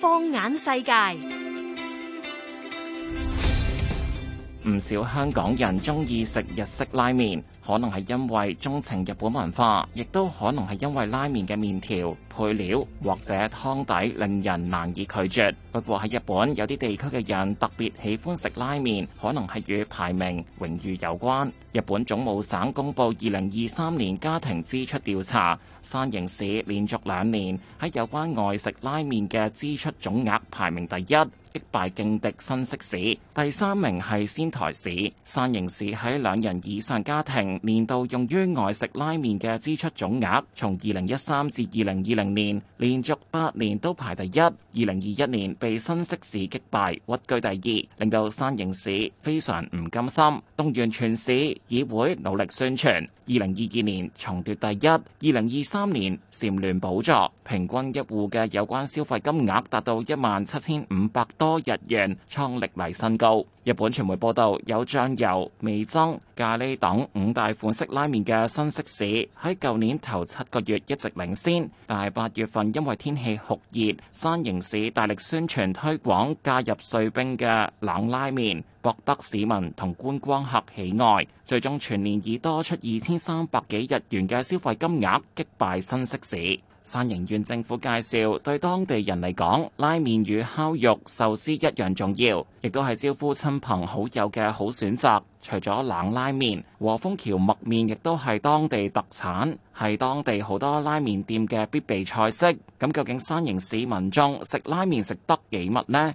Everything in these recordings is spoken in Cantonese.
放眼世界，唔少香港人鍾意食日式拉麵。可能係因為鍾情日本文化，亦都可能係因為拉麵嘅麵條配料或者湯底令人難以拒絕。不過喺日本有啲地區嘅人特別喜歡食拉麵，可能係與排名榮譽有關。日本總務省公布二零二三年家庭支出調查，山形市連續兩年喺有關外食拉麵嘅支出總額排名第一。擊敗勁敵新息市，第三名係仙台市。山形市喺兩人以上家庭年度用於外食拉麵嘅支出總額，從二零一三至二零二零年連續八年都排第一。二零二一年被新息市擊敗屈居第二，令到山形市非常唔甘心，動員全市議會努力宣傳。二零二二年重奪第一，二零二三年蟬聯寶座，平均一戶嘅有關消費金額達到一萬七千五百。多日元創歷嚟新高。日本傳媒報道，有醬油、味噌、咖喱等五大款式拉麵嘅新潟市喺舊年頭七個月一直領先，但係八月份因為天氣酷熱，山形市大力宣傳推廣加入碎冰嘅冷拉麵，博得市民同觀光客喜愛，最終全年以多出二千三百幾日元嘅消費金額擊敗新潟市。山形縣政府介紹，對當地人嚟講，拉麵與烤肉、壽司一樣重要，亦都係招呼親朋好友嘅好選擇。除咗冷拉麵，和風蕎麥麵亦都係當地特產，係當地好多拉麵店嘅必備菜式。咁究竟山形市民眾食拉麵食得幾密呢？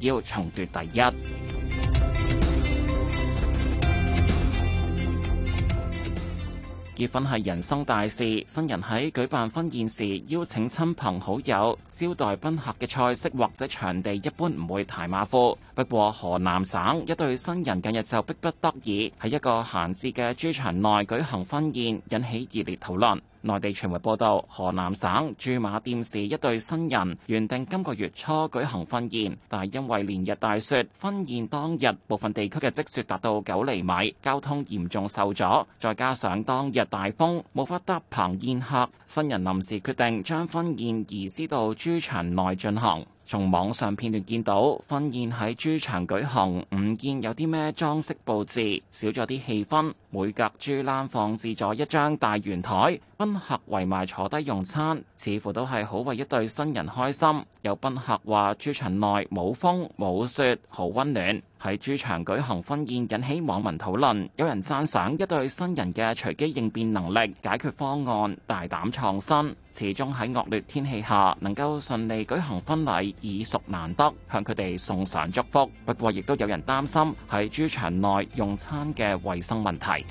要重奪第一。結婚係人生大事，新人喺舉辦婚宴時，邀請親朋好友、招待賓客嘅菜式或者場地一般唔會太馬虎。不過河南省一對新人近日就迫不得已喺一個閒置嘅豬場內舉行婚宴，引起熱烈討論。內地傳媒報道，河南省駐馬店市一對新人原定今個月初舉行婚宴，但因為連日大雪，婚宴當日部分地區嘅積雪達到九厘米，交通嚴重受阻，再加上當日大風，無法搭棚宴客，新人臨時決定將婚宴移師到豬場內進行。從網上片段見到，婚宴喺豬場舉行，唔見有啲咩裝飾佈置，少咗啲氣氛。每格豬欄放置咗一張大圓台，賓客圍埋坐低用餐，似乎都係好為一對新人開心。有賓客話，豬場內冇風冇雪，好溫暖。喺豬場舉行婚宴引起網民討論，有人讚賞一對新人嘅隨機應變能力、解決方案、大膽創新，始終喺惡劣天氣下能夠順利舉行婚禮已屬難得，向佢哋送上祝福。不過，亦都有人擔心喺豬場內用餐嘅衛生問題。